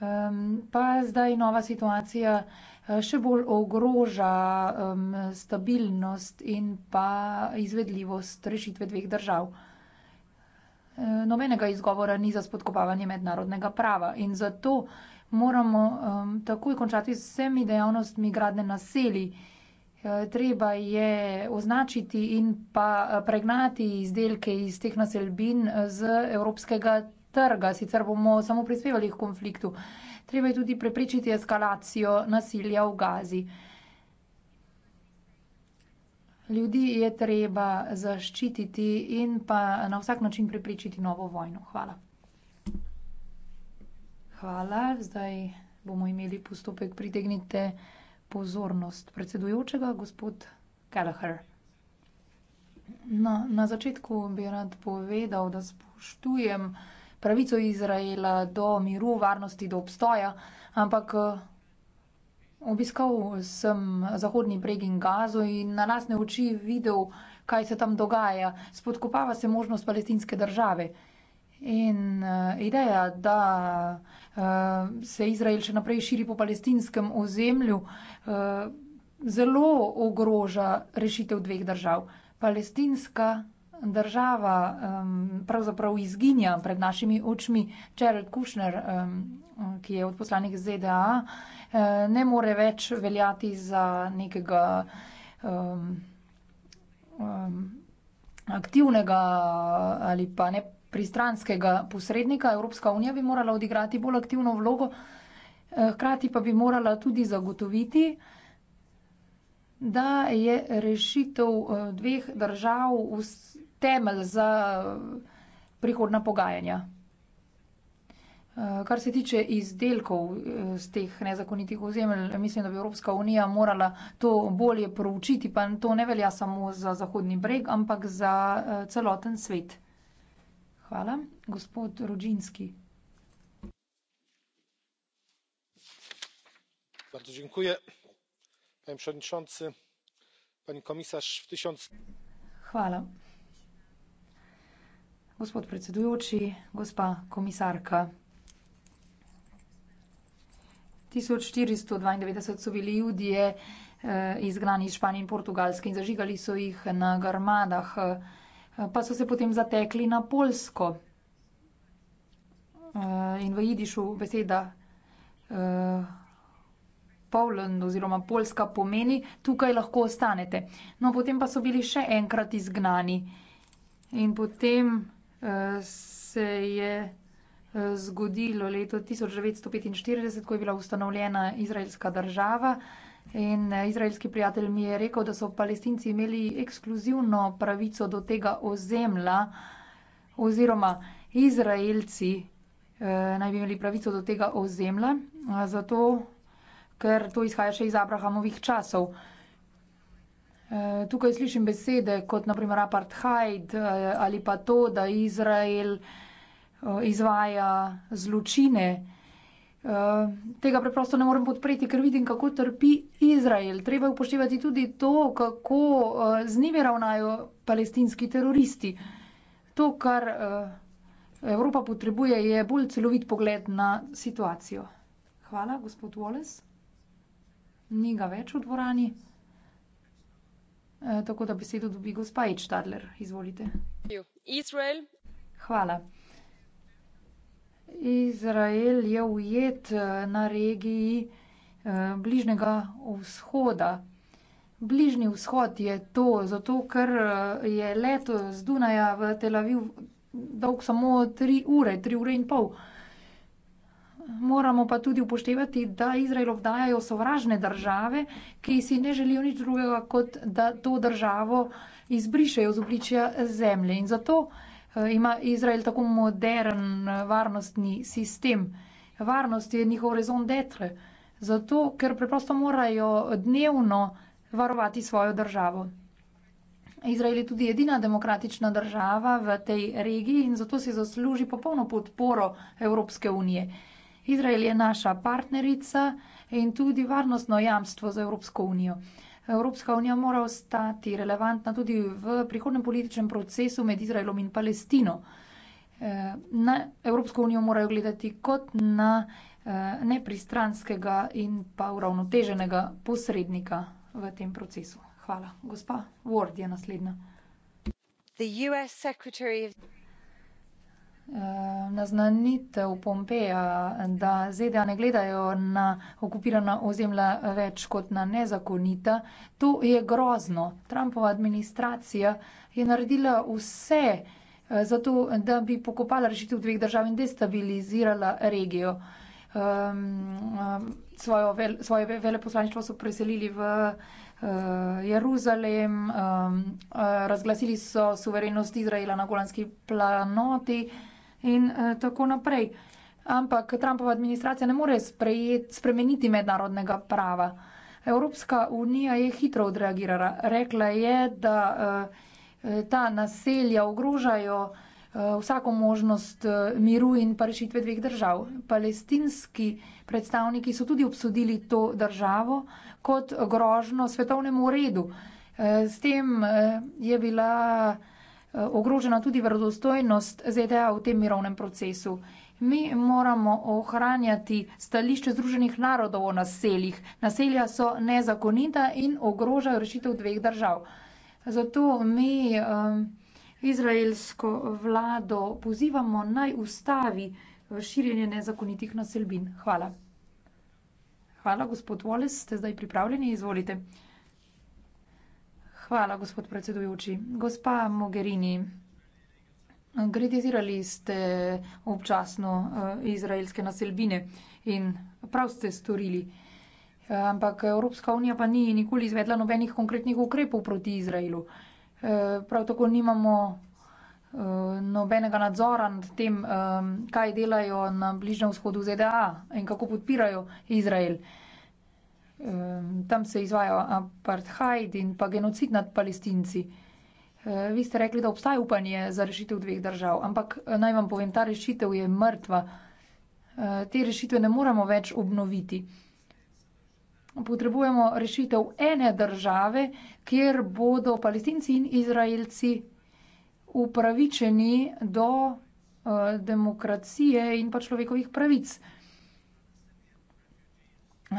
Um, pa zdaj nova situacija eh, še bolj ogroža um, stabilnost in pa izvedljivost rešitve dveh držav. Eh, nobenega izgovora ni za spodkopavanje mednarodnega prava in zato moramo um, takoj končati z vsemi dejavnostmi gradne naseli. E, eh, treba je označiti in pa pregnati izdelke iz teh naselbin z evropskega trga, sicer bomo samo prispevali k konfliktu. Treba je tudi preprečiti eskalacijo nasilja v Gazi. Ljudi je treba zaščititi in pa na vsak način preprečiti novo vojno. Hvala. Hvala. Zdaj bomo imeli postopek. Pritegnite pozornost predsedujočega, gospod Kelleher. Na, no, na začetku bi rad povedal, da spoštujem pravico Izraela do miru, varnosti, do obstoja, ampak eh, obiskal sem zahodni breg in gazo in na lasne oči videl, kaj se tam dogaja. Spodkopava se možnost palestinske države. In uh, ideja, da uh, se Izrael še naprej širi po palestinskem ozemlju, uh, zelo ogroža rešitev dveh držav. Palestinska država um, pravzaprav izginja pred našimi očmi. Jared Kushner, um, ki je odposlanik ZDA, um, ne more več veljati za nekega um, um, aktivnega ali pa ne pristranskega posrednika. Evropska unija bi morala odigrati bolj aktivno vlogo, eh, hkrati pa bi morala tudi zagotoviti, da je rešitev eh, dveh držav temelj za eh, prihodna pogajanja. Eh, kar se tiče izdelkov eh, z teh nezakonitih ozemelj, mislim, da bi Evropska unija morala to bolje proučiti, pa to ne velja samo za Zahodni breg, ampak za celoten svet. Hvala. Gospod Rodžinski. Bardzo dziękuję, panie przewodniczący, pani komisarz. W tysiąc... Hvala. Gospod predsedujoči, gospa komisarka. Tisoč štiristo dvaindevetdeset so bili Judje, eh, izgnani iz Španije in Portugalske in zažigali so jih na grmadah. Eh, pa so se potem zatekli na Poljsko. Eh, in v jidišu beseda, Poland oziroma Poljska pomeni "tukaj lahko ostanete". No, potem pa so bili še enkrat izgnani. In potem se je eh, zgodilo leto 1945, ko je bila ustanovljena izraelska država. In eh, izraelski prijatelj mi je rekel, da so palestinci imeli ekskluzivno pravico do tega ozemlja, oziroma izraelci eh, naj bi imeli pravico do tega ozemlja, zato ker to izhaja še iz Abrahamovih časov. Eh, Eh, tukaj slišim besede kot naprimer apartheid eh, ali pa to, da Izrael eh, izvaja zločine. Tega preprosto ne morem podpreti, ker vidim, kako trpi Izrael. Treba upoštevati tudi to, kako z njimi ravnajo palestinski teroristi. To, kar Evropa potrebuje, je bolj celovit pogled na situacijo. Hvala, gospod Wallace. Ni ga več v dvorani. Eh, tako da besedo dobi gospa Edštadler, izvolite. Hvala. Izrael je ujet eh, na regiji eh, Bližnjega vzhoda. Bližnji vzhod je to, zato ker je let z Dunaja v Tel Aviv dolg samo tri ure, tri ure in pol. Moramo pa tudi upoštevati, da Izrael obdajajo sovražne države, ki si ne želijo nič drugega, kot da to državo izbrišejo z obličja zemlje. In zato eh, ima Izrael tako modern eh, varnostni sistem. Varnost je njihov rezon detre, zato ker preprosto morajo dnevno varovati svojo državo. Izrael je tudi edina demokratična država v tej regiji in zato si zasluži popolno podporo Evropske unije. Izrael je naša partnerica in tudi varnostno jamstvo za Evropsko unijo. Evropska unija mora ostati relevantna tudi v prihodnem političnem procesu med Izraelom in Palestino. Eh, na Evropsko unijo morajo gledati kot na eh, nepristranskega in pa uravnoteženega posrednika v tem procesu. Hvala. Gospa Ward je naslednja. The US Secretary of Eh, naznanitev Pompeja, da ZDA ne gledajo na okupirana ozemlja več kot na nezakonita, to je grozno. Trumpova administracija je naredila vse eh, za to, da bi pokopala rešitev dveh držav in destabilizirala regijo. Um, svojo vel, svoje veleposlaništvo so preselili v uh, Jeruzalem, um, uh, razglasili so suverenost Izraela na Golanski planoti. Uh, in, eh, tako naprej. Ampak Trumpova administracija ne more sprejeti, spremeniti mednarodnega prava. Evropska unija je hitro odreagirala. Rekla je, da eh, eh, ta naselja ogrožajo vsako možnost miru in pa rešitve dveh držav. Palestinski predstavniki so tudi obsodili to državo kot grožno svetovnemu redu. S tem je bila Eh, ogrožena tudi verodostojnost ZDA v tem mirovnem procesu. Mi moramo ohranjati stališče Združenih narodov o naseljih. Naselja so nezakonita in ogrožajo rešitev dveh držav. Zato mi eh, izraelsko vlado pozivamo naj ustavi eh, širjenje nezakonitih naselbin. Hvala. Hvala, gospod Wallace, ste zdaj pripravljeni, izvolite. Hvala, gospod predsedujoči. Gospa Mogherini, kritizirali ste občasno eh, izraelske naselbine in prav ste storili. Eh, ampak Evropska unija pa ni nikoli izvedla nobenih konkretnih ukrepov proti Izraelu. Eh, prav tako nimamo nobenega nadzora nad tem, kaj delajo na Bližnem vzhodu ZDA in kako podpirajo Izrael tam se izvajajo apartheid in pa genocid nad palestinci. Vi ste rekli, da obstaja upanje za rešitev dveh držav, ampak eh, naj vam povem, ta rešitev je mrtva. Te rešitve ne moramo več obnoviti. Potrebujemo rešitev ene države, kjer bodo palestinci in izraelci upravičeni do eh, demokracije in pa človekovih pravic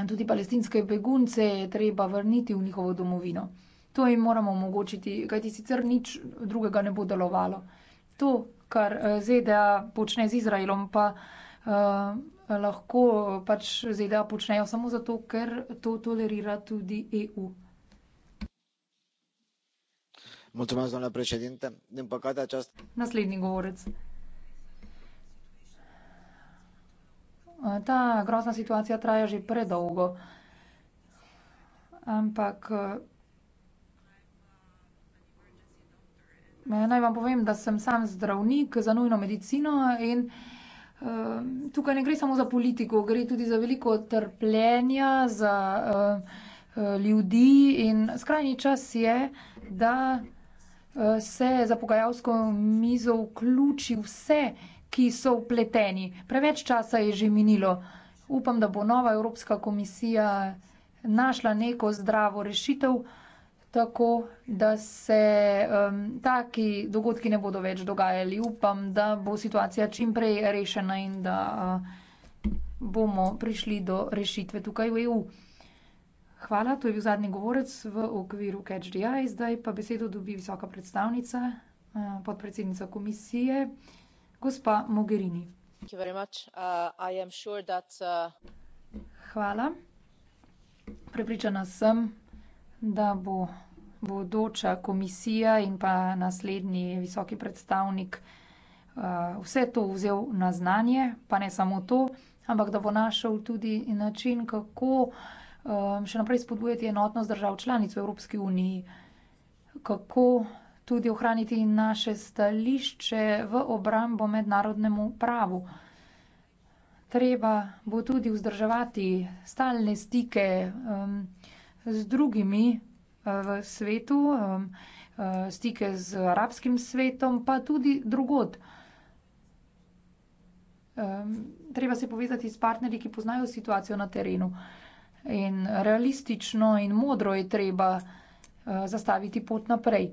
tudi palestinske begunce je treba vrniti v njihovo domovino. To jim moramo omogočiti, kajti sicer nič drugega ne bo delovalo. To, kar eh, ZDA počne z Izraelom, pa uh, lahko eh, pač ZDA počnejo samo zato, ker to tolerira tudi EU. Mulțumesc, domnule președinte. Din păcate, aceasta... Naslednic govoreți. Ta grozna situacija traja že predolgo. Ampak eh, naj vam povem, da sem sam zdravnik za nujno medicino in eh, tukaj ne gre samo za politiko, gre tudi za veliko trpljenja, za eh, ljudi in skrajni čas je, da se za pogajalsko mizo vključi vse ljudi ki so vpleteni. Preveč časa je že minilo. Upam, da bo nova Evropska komisija našla neko zdravo rešitev, tako da se um, taki dogodki ne bodo več dogajali. Upam, da bo situacija čimprej rešena in da uh, bomo prišli do rešitve tukaj v EU. Hvala, to je bil zadnji govorec v okviru CatchDI. Zdaj pa besedo dobi visoka predstavnica, uh, podpredsednica komisije gospa mogherini uh, uh, hvala prepričana sem da bo bodoča komisija in pa naslednji visoki predstavnik uh, vse to vzel na znanje pa ne samo to ampak da bo našel tudi način kako um, še naprej spodbujati enotnost držav članic v evropski uniji kako tudi ohraniti naše stališče v obrambo mednarodnemu pravu. Treba bo tudi vzdrževati stalne stike um, z drugimi uh, v svetu, um, uh, stike z arabskim svetom, pa tudi drugod. Um, treba se povezati s partnerji, ki poznajo situacijo na terenu. In realistično in modro je treba uh, zastaviti pot naprej.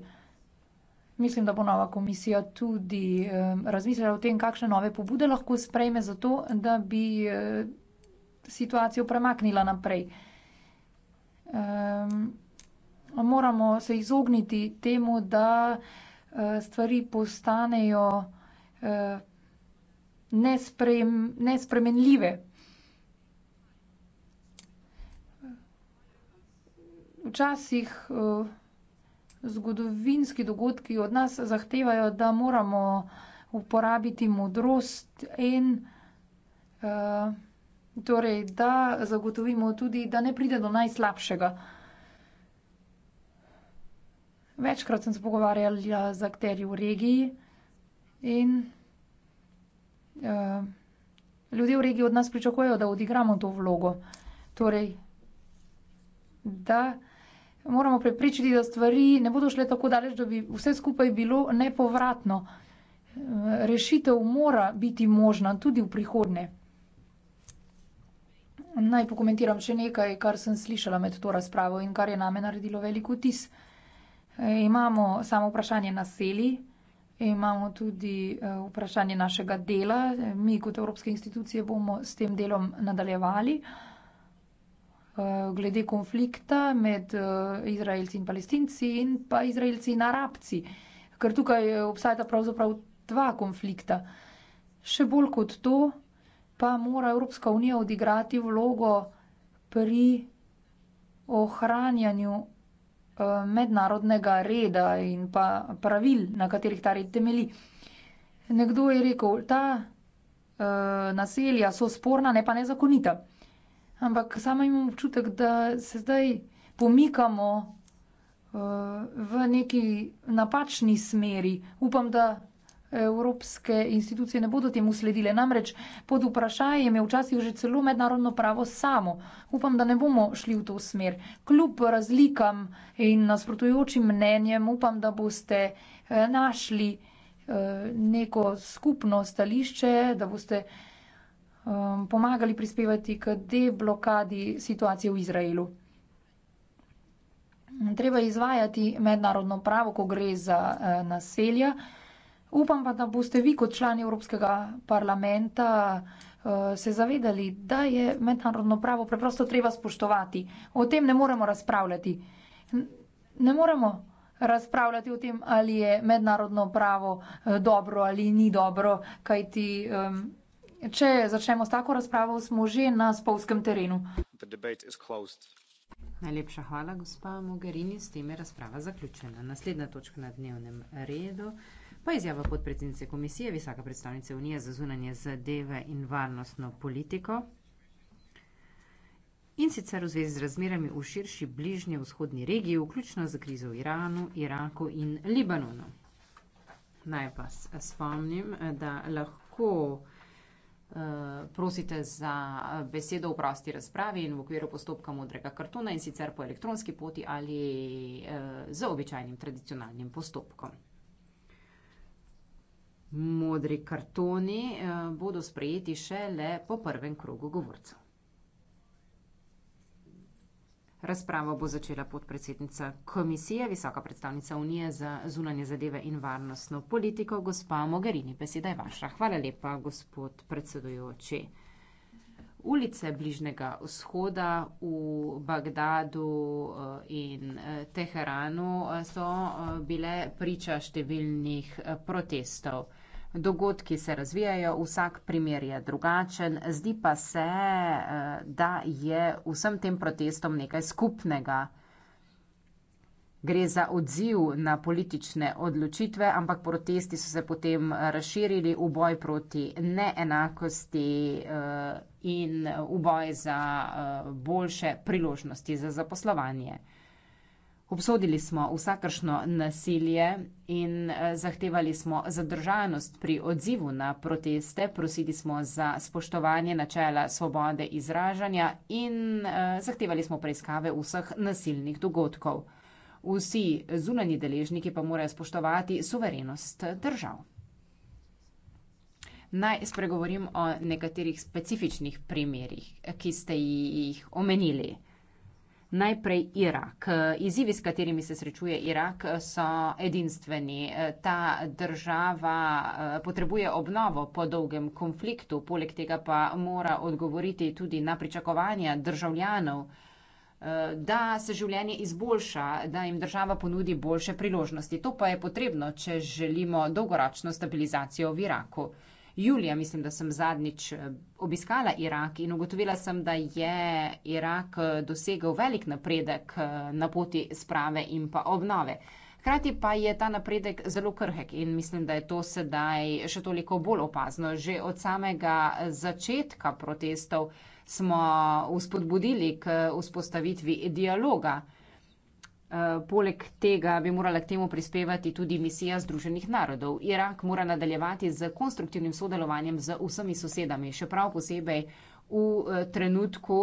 Mislim, da bo nova komisija tudi razmišljala o tem, kakšne nove pobude lahko sprejme za to, da bi eh, situacijo premaknila naprej. Moramo se izogniti temu, da eh, stvari postanejo eh, nesprem, nespremenljive. Včasih uh, zgodovinski dogodki od nas zahtevajo, da moramo uporabiti modrost in uh, torej, da zagotovimo tudi, da ne pride do najslabšega. Večkrat sem se pogovarjala z akterji v regiji in uh, ljudje v regiji od nas pričakujejo, da odigramo to vlogo. Torej, da moramo prepričati, da stvari ne bodo šle tako daleč, da bi vse skupaj bilo nepovratno. Rešitev mora biti možna tudi v prihodnje. Naj pokomentiram še nekaj, kar sem slišala med to razpravo in kar je name naredilo veliko vtis. Imamo samo vprašanje naseli, imamo tudi eh, vprašanje našega dela. Mi kot evropske institucije bomo s tem delom nadaljevali. Eh, glede konflikta med uh, Izraelci in Palestinci in pa Izraelci in Arabci, ker tukaj eh, obstajata pravzaprav dva konflikta. Še bolj kot to, pa mora Evropska unija odigrati vlogo pri ohranjanju uh, mednarodnega reda in pa pravil, na katerih ta red temeli. Nekdo je rekel, ta uh, naselja so sporna, ne pa nezakonita. Ampak samo imam občutek, da se zdaj pomikamo eh, v neki napačni smeri. Upam, da evropske institucije ne bodo temu sledile. Namreč pod vprašanjem je včasih že celo mednarodno pravo samo. Upam, da ne bomo šli v to smer. Kljub razlikam in nasprotujočim mnenjem, upam, da boste eh, našli eh, neko skupno stališče, da boste um, pomagali prispevati k deblokadi situacije v Izraelu. Treba izvajati mednarodno pravo, ko gre za uh, naselja. Upam pa, da boste vi kot člani Evropskega parlamenta uh, se zavedali, da je mednarodno pravo preprosto treba spoštovati. O tem ne moremo razpravljati. Ne moremo razpravljati o tem, ali je mednarodno pravo uh, dobro ali ni dobro, kajti um, Če začnemo s tako razpravo, smo že na spolskem terenu. Najlepša hvala, gospa Mogherini. S tem je razprava zaključena. Naslednja točka na dnevnem redu pa izjava podpredsednice komisije, visoka predstavnica Unije za zunanje zadeve in varnostno politiko. In sicer v zvezi z razmerami v širši bližnje vzhodni regiji, vključno z krizo v Iranu, Iraku in Libanonu. Naj vas spomnim, da lahko prosite za eh, besedo v prosti razpravi in v okviru postopka modrega kartona in sicer po elektronski poti ali eh, z običajnim tradicionalnim postopkom. Modri kartoni eh, bodo sprejeti šele po prvem krogu govorcev. Razpravo bo začela podpredsednica komisije, visoka predstavnica Unije za zunanje zadeve in varnostno politiko, gospa Mogherini. Beseda je vaša. Hvala lepa, gospod predsedujoči. Ulice Bližnjega vzhoda v Bagdadu eh, in eh, Teheranu eh, so bile priča številnih protestov. Dogodki se razvijajo, vsak primer je drugačen, zdi pa se, eh, da je vsem tem protestom nekaj skupnega. Gre za odziv na politične odločitve, ampak protesti so se potem razširili v boj proti neenakosti eh, in v boj za eh, boljše priložnosti za zaposlovanje. Obsodili smo vsakršno nasilje in eh, zahtevali smo zadržanost pri odzivu na proteste, prosili smo za spoštovanje načela svobode izražanja in eh, zahtevali smo preiskave vseh nasilnih dogodkov. Vsi zunani deležniki pa morajo spoštovati suverenost držav. Naj spregovorim o nekaterih specifičnih primerih, ki ste jih omenili. Najprej Irak. Izivi, s katerimi se srečuje Irak, so edinstveni. Ta država eh, potrebuje obnovo po dolgem konfliktu, poleg tega pa mora odgovoriti tudi na pričakovanja državljanov, eh, da se življenje izboljša, da jim država ponudi boljše priložnosti. To pa je potrebno, če želimo dolgoročno stabilizacijo v Iraku julija, mislim, da sem zadnjič eh, obiskala Irak in ugotovila sem, da je Irak eh, dosegel velik napredek eh, na poti sprave in pa obnove. Hkrati pa je ta napredek zelo krhek in mislim, da je to sedaj še toliko bolj opazno. Že od samega začetka protestov smo vzpodbudili k vzpostavitvi dialoga. Eh, poleg tega bi morala k temu prispevati tudi misija Združenih narodov. Irak mora nadaljevati z konstruktivnim sodelovanjem z vsemi sosedami, še prav posebej v eh, trenutku,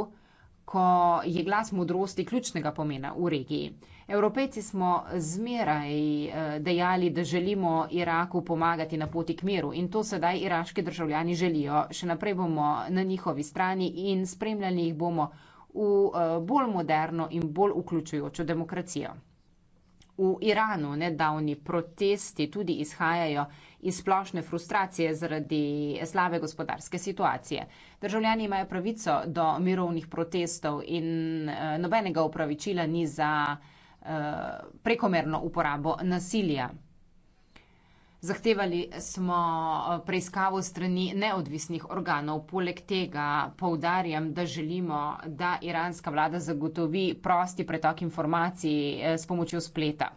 ko je glas modrosti ključnega pomena v regiji. Evropejci smo zmeraj eh, dejali, da želimo Iraku pomagati na poti k miru in to sedaj iraški državljani želijo. Še naprej bomo na njihovi strani in spremljali jih bomo v eh, bolj moderno in bolj vključujočo demokracijo. V Iranu nedavni protesti tudi izhajajo iz splošne frustracije zaradi slabe gospodarske situacije. Državljani imajo pravico do mirovnih protestov in eh, nobenega upravičila ni za eh, prekomerno uporabo nasilja. Zahtevali smo eh, preiskavo strani neodvisnih organov. Poleg tega poudarjam, da želimo, da iranska vlada zagotovi prosti pretok informacij eh, s pomočjo spleta.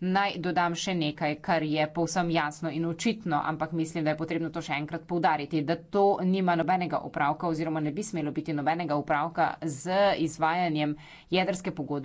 Naj dodam še nekaj, kar je povsem jasno in očitno, ampak mislim, da je potrebno to še enkrat poudariti, da to nima nobenega upravka oziroma ne bi smelo biti nobenega upravka z izvajanjem jedrske pogodbe.